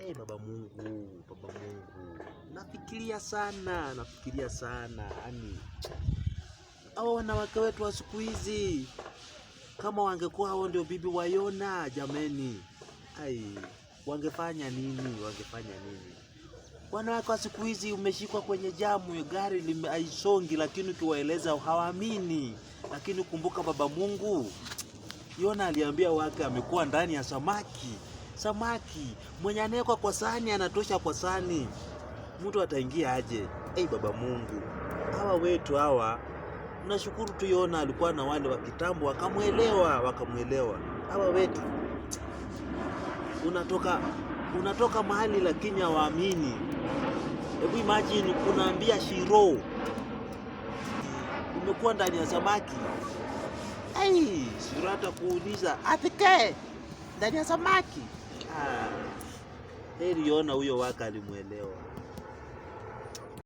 Hey, eh, baba Mungu, baba Mungu, nafikiria sana, nafikiria sana yani au wanawake wetu wa siku hizi kama wangekuwa hao ndio bibi wa Yona, jameni, ai, wangefanya nini? Wangefanya nini? Wanawake wa siku hizi, umeshikwa kwenye jamu, gari limeaisongi, lakini ukiwaeleza hawaamini. Lakini kumbuka, baba Mungu, Yona aliambia wake amekuwa ndani ya samaki samaki mwenye anawekwa kwa sahani anatosha kwa sahani, mtu ataingia aje? Ei, baba Mungu, hawa wetu hawa, nashukuru tu Yona alikuwa na wale wa kitambo wakamwelewa, wakamwelewa. Hawa wetu unatoka unatoka mahali lakini hawaamini. Hebu imagine kunaambia shiro umekuwa ndani ya samaki ai, shiro kuuliza atikee ndani ya samaki. Ah, heri ona huyo waka alimuelewa.